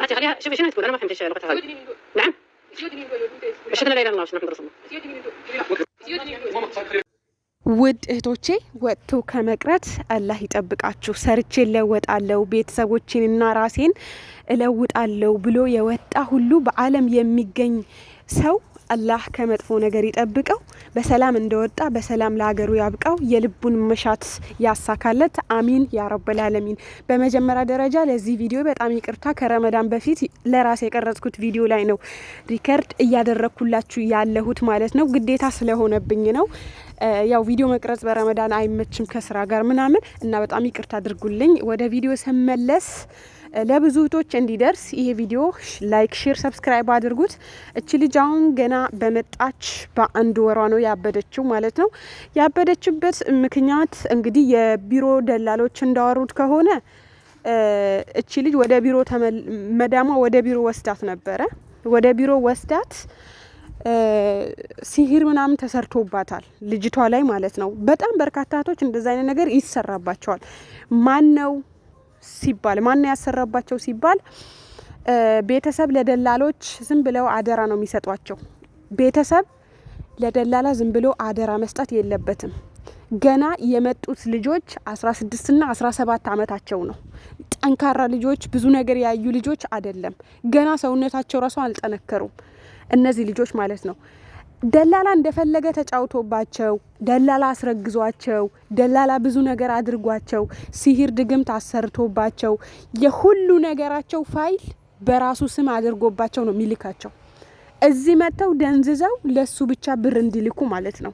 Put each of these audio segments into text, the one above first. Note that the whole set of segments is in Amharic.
هاتي خليها شوفي شنو تقول انا ما فهمتش لغتها هذه نعم اشهد ان لا اله الا الله محمد رسول الله ውድ እህቶቼ ወጥቶ ከመቅረት አላህ ይጠብቃችሁ። ሰርቼ እለወጣለሁ፣ ቤተሰቦቼንና ራሴን እለውጣለሁ ብሎ የወጣ ሁሉ በዓለም የሚገኝ ሰው አላህ ከመጥፎ ነገር ይጠብቀው። በሰላም እንደወጣ በሰላም ለሀገሩ ያብቃው። የልቡን መሻት ያሳካለት። አሚን ያ ረበል አለሚን። በመጀመሪያ ደረጃ ለዚህ ቪዲዮ በጣም ይቅርታ። ከረመዳን በፊት ለራስ የቀረጽኩት ቪዲዮ ላይ ነው ሪከርድ እያደረግኩላችሁ ያለሁት ማለት ነው። ግዴታ ስለሆነብኝ ነው። ያው ቪዲዮ መቅረጽ በረመዳን አይመችም ከስራ ጋር ምናምን እና በጣም ይቅርታ አድርጉልኝ። ወደ ቪዲዮ ስመለስ ለብዙ እህቶች እንዲደርስ ይሄ ቪዲዮ ላይክ፣ ሼር፣ ሰብስክራይብ አድርጉት። እች ልጅ አሁን ገና በመጣች በአንድ ወሯ ነው ያበደችው ማለት ነው። ያበደችበት ምክንያት እንግዲህ የቢሮ ደላሎች እንዳወሩት ከሆነ እቺ ልጅ ወደ ቢሮ መዳሟ ወደ ቢሮ ወስዳት ነበረ። ወደ ቢሮ ወስዳት ሲሂር ምናምን ተሰርቶባታል ልጅቷ ላይ ማለት ነው። በጣም በርካታ እህቶች እንደዚ አይነት ነገር ይሰራባቸዋል። ማን ነው ሲባል ማን ያሰራባቸው ሲባል ቤተሰብ ለደላሎች ዝም ብለው አደራ ነው የሚሰጧቸው። ቤተሰብ ለደላላ ዝም ብሎ አደራ መስጠት የለበትም። ገና የመጡት ልጆች 16 እና 17 ዓመታቸው ነው። ጠንካራ ልጆች፣ ብዙ ነገር ያዩ ልጆች አይደለም። ገና ሰውነታቸው ራሱ አልጠነከሩም እነዚህ ልጆች ማለት ነው። ደላላ እንደፈለገ ተጫውቶባቸው ደላላ አስረግዟቸው ደላላ ብዙ ነገር አድርጓቸው ሲሂር ድግምት አሰርቶባቸው የሁሉ ነገራቸው ፋይል በራሱ ስም አድርጎባቸው ነው የሚልካቸው። እዚህ መጥተው ደንዝዘው ለሱ ብቻ ብር እንዲልኩ ማለት ነው።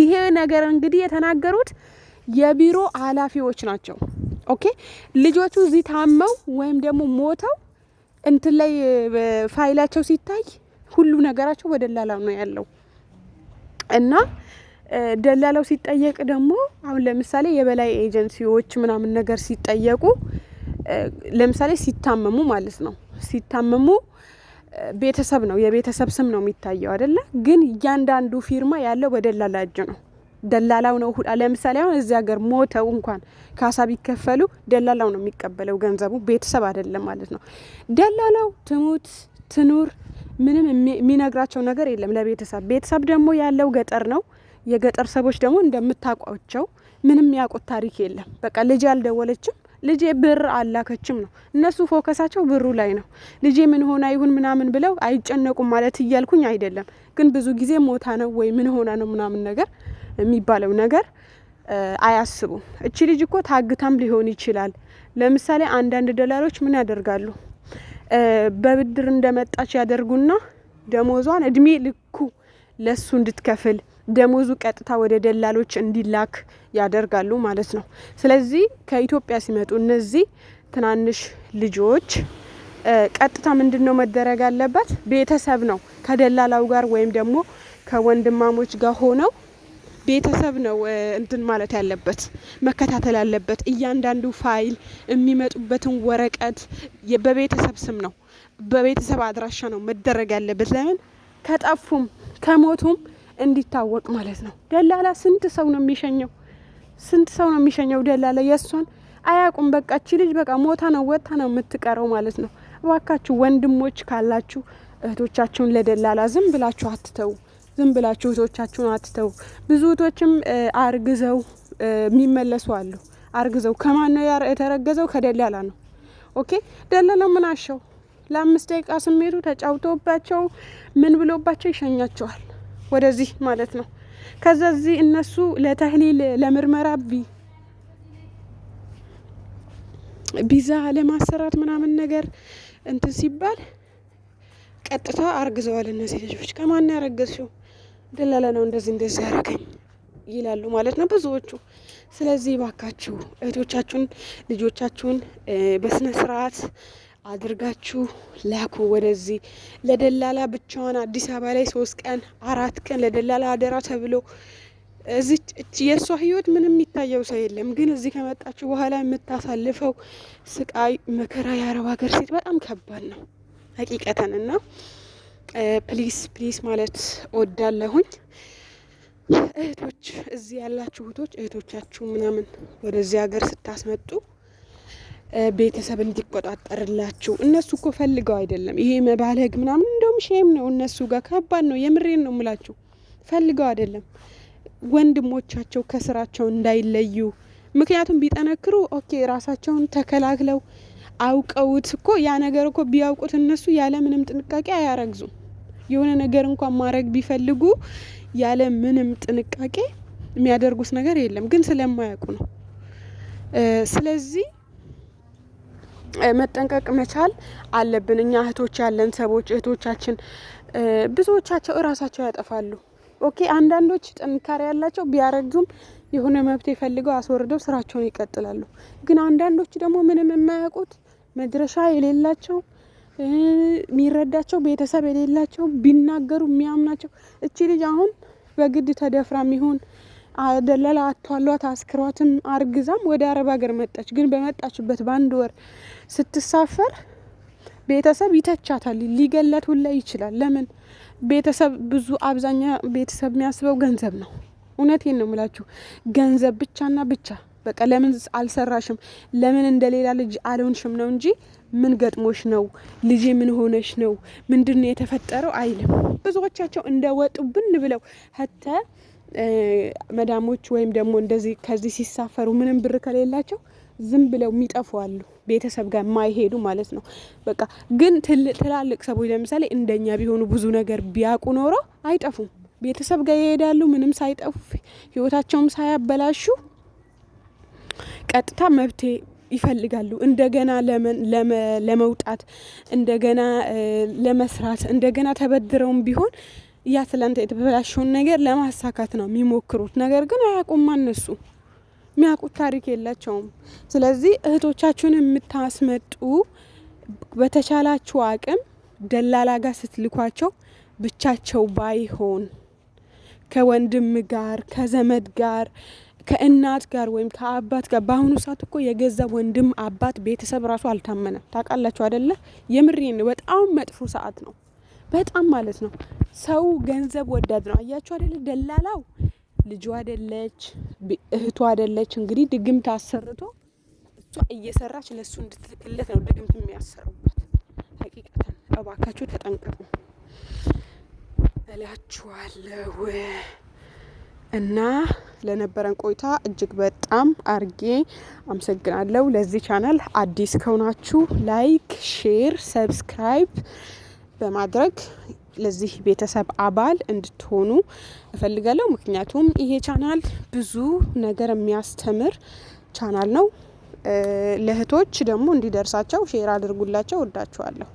ይሄ ነገር እንግዲህ የተናገሩት የቢሮ ኃላፊዎች ናቸው። ኦኬ ልጆቹ እዚህ ታመው ወይም ደግሞ ሞተው እንትን ላይ ፋይላቸው ሲታይ ሁሉ ነገራቸው በደላላ ነው ያለው። እና ደላላው ሲጠየቅ ደግሞ አሁን ለምሳሌ የበላይ ኤጀንሲዎች ምናምን ነገር ሲጠየቁ ለምሳሌ ሲታመሙ ማለት ነው ሲታመሙ ቤተሰብ ነው የቤተሰብ ስም ነው የሚታየው አይደለ? ግን እያንዳንዱ ፊርማ ያለው በደላላ እጅ ነው። ደላላው ነው ለምሳሌ አሁን እዚህ ሀገር ሞተው እንኳን ካሳ ቢከፈሉ ደላላው ነው የሚቀበለው ገንዘቡ፣ ቤተሰብ አይደለም ማለት ነው። ደላላው ትሙት ትኑር ምንም የሚነግራቸው ነገር የለም ለቤተሰብ። ቤተሰብ ደግሞ ያለው ገጠር ነው። የገጠር ሰዎች ደግሞ እንደምታውቋቸው ምንም ያውቁት ታሪክ የለም። በቃ ልጅ አልደወለችም፣ ልጄ ብር አላከችም ነው እነሱ ፎከሳቸው ብሩ ላይ ነው። ልጄ ምን ሆና ይሁን ምናምን ብለው አይጨነቁም ማለት እያልኩኝ አይደለም፣ ግን ብዙ ጊዜ ሞታ ነው ወይ ምን ሆና ነው ምናምን ነገር የሚባለው ነገር አያስቡም። እቺ ልጅ እኮ ታግታም ሊሆን ይችላል። ለምሳሌ አንዳንድ ደላሎች ምን ያደርጋሉ? በብድር እንደመጣች ያደርጉና ደሞዟን እድሜ ልኩ ለሱ እንድትከፍል ደሞዙ ቀጥታ ወደ ደላሎች እንዲላክ ያደርጋሉ ማለት ነው። ስለዚህ ከኢትዮጵያ ሲመጡ እነዚህ ትናንሽ ልጆች ቀጥታ ምንድን ነው መደረግ አለበት? ቤተሰብ ነው ከደላላው ጋር ወይም ደግሞ ከወንድማሞች ጋር ሆነው ቤተሰብ ነው እንትን ማለት ያለበት መከታተል ያለበት እያንዳንዱ ፋይል የሚመጡበትን ወረቀት በቤተሰብ ስም ነው በቤተሰብ አድራሻ ነው መደረግ ያለበት። ለምን ከጠፉም ከሞቱም እንዲታወቅ ማለት ነው። ደላላ ስንት ሰው ነው የሚሸኘው? ስንት ሰው ነው የሚሸኘው ደላላ? የእሷን አያቁም። በቃ እቺ ልጅ በቃ ሞታ ነው ወጥታ ነው የምትቀረው ማለት ነው። እባካችሁ ወንድሞች ካላችሁ እህቶቻችሁን ለደላላ ዝም ብላችሁ አትተዉ። ዝም ብላችሁ እህቶቻችሁን አትተው። ብዙ እህቶችም አርግዘው የሚመለሱ አሉ። አርግዘው ከማን ነው የተረገዘው? ከደላላ ነው። ኦኬ ደላላ ምን አሸው ለአምስት ደቂቃ ስሜቱ ተጫውቶባቸው ምን ብሎባቸው ይሸኛቸዋል ወደዚህ ማለት ነው። ከዛዚህ እነሱ ለተህሊል ለምርመራ ቢ ቢዛ ለማሰራት ምናምን ነገር እንትን ሲባል ቀጥታ አርግዘዋል። እነዚህ ልጆች ከማን ያረገዝሽው? ደላላ ነው እንደዚህ እንደዚህ ያደረገኝ ይላሉ ማለት ነው ብዙዎቹ። ስለዚህ ባካችሁ እህቶቻችሁን ልጆቻችሁን በስነ ስርዓት አድርጋችሁ ላኩ ወደዚህ። ለደላላ ብቻዋን አዲስ አበባ ላይ ሶስት ቀን አራት ቀን ለደላላ አደራ ተብሎ እዚህ የእሷ ህይወት ምንም የሚታየው ሰው የለም። ግን እዚህ ከመጣችሁ በኋላ የምታሳልፈው ስቃይ መከራ የአረብ ሀገር ሴት በጣም ከባድ ነው ሀቂቀተን እና ፕሊስ ፕሊስ ማለት ወዳለሁኝ እህቶች እዚህ ያላችሁ እህቶች እህቶቻችሁ ምናምን ወደዚህ ሀገር ስታስመጡ ቤተሰብ እንዲቆጣጠርላችሁ እነሱ እኮ ፈልገው አይደለም። ይሄ መባለግ ምናምን እንደውም ሼም ነው እነሱ ጋር ከባድ ነው። የምሬን ነው ምላችሁ ፈልገው አይደለም። ወንድሞቻቸው ከስራቸው እንዳይለዩ ምክንያቱም ቢጠነክሩ ኦኬ፣ ራሳቸውን ተከላክለው አውቀውት እኮ ያ ነገር እኮ ቢያውቁት እነሱ ያለምንም ጥንቃቄ አያረግዙም። የሆነ ነገር እንኳን ማድረግ ቢፈልጉ ያለ ምንም ጥንቃቄ የሚያደርጉት ነገር የለም፣ ግን ስለማያውቁ ነው። ስለዚህ መጠንቀቅ መቻል አለብን። እኛ እህቶች ያለን ሰዎች እህቶቻችን ብዙዎቻቸው እራሳቸው ያጠፋሉ። ኦኬ፣ አንዳንዶች ጥንካሬ ያላቸው ቢያረግዙም የሆነ መብት የፈልገው አስወርደው ስራቸውን ይቀጥላሉ። ግን አንዳንዶች ደግሞ ምንም የማያውቁት መድረሻ የሌላቸው የሚረዳቸው ቤተሰብ የሌላቸው ቢናገሩ የሚያምናቸው እቺ ልጅ አሁን በግድ ተደፍራ ሚሆን ደለላ አቷሏት አስክሯትም አርግዛም ወደ አረብ ሀገር መጣች። ግን በመጣችበት በአንድ ወር ስትሳፈር ቤተሰብ ይተቻታል፣ ሊገላት ሁላ ይችላል። ለምን ቤተሰብ ብዙ አብዛኛ ቤተሰብ የሚያስበው ገንዘብ ነው። እውነቴን ነው የምላችሁ ገንዘብ ብቻና ብቻ በቃ ለምን አልሰራሽም፣ ለምን እንደሌላ ልጅ አልሆንሽም ነው እንጂ ምን ገጥሞሽ ነው ልጄ፣ ምን ሆነሽ ነው ምንድን የተፈጠረው አይልም። ብዙዎቻቸው እንደወጡብን ብለው ሀተ መዳሞች ወይም ደግሞ እንደዚህ ከዚህ ሲሳፈሩ ምንም ብር ከሌላቸው ዝም ብለው የሚጠፉ አሉ፣ ቤተሰብ ጋር የማይሄዱ ማለት ነው። በቃ ግን ትላልቅ ሰዎች ለምሳሌ እንደኛ ቢሆኑ ብዙ ነገር ቢያውቁ ኖሮ አይጠፉም። ቤተሰብ ጋር ይሄዳሉ ምንም ሳይጠፉ ህይወታቸውም ሳያበላሹ ቀጥታ መብቴ ይፈልጋሉ። እንደገና ለመውጣት እንደገና ለመስራት እንደገና ተበድረውም ቢሆን ያ ትላንት የተበላሸውን ነገር ለማሳካት ነው የሚሞክሩት። ነገር ግን አያውቁም እነሱ የሚያውቁት ታሪክ የላቸውም። ስለዚህ እህቶቻችሁን የምታስመጡ በተቻላችሁ አቅም ደላላ ጋር ስትልኳቸው ብቻቸው ባይሆን ከወንድም ጋር ከዘመድ ጋር ከእናት ጋር ወይም ከአባት ጋር በአሁኑ ሰዓት እኮ የገዛ ወንድም አባት ቤተሰብ ራሱ አልታመነም። ታውቃላችሁ አደለ? የምሬን በጣም መጥፎ ሰዓት ነው። በጣም ማለት ነው። ሰው ገንዘብ ወዳድ ነው። አያችሁ አደለ? ደላላው ልጁ አደለች፣ እህቱ አደለች። እንግዲህ ድግምት አሰርቶ እሷ እየሰራች ለእሱ እንድትልክለት ነው ድግምት የሚያሰሩበት። ሀቂቃተን እባካችሁ ተጠንቀቁ እላችኋለሁ። እና ለነበረን ቆይታ እጅግ በጣም አርጌ አመሰግናለሁ። ለዚህ ቻናል አዲስ ከሆናችሁ ላይክ፣ ሼር፣ ሰብስክራይብ በማድረግ ለዚህ ቤተሰብ አባል እንድትሆኑ እፈልጋለሁ። ምክንያቱም ይሄ ቻናል ብዙ ነገር የሚያስተምር ቻናል ነው። ለእህቶች ደግሞ እንዲደርሳቸው ሼር አድርጉላቸው። እወዳችኋለሁ።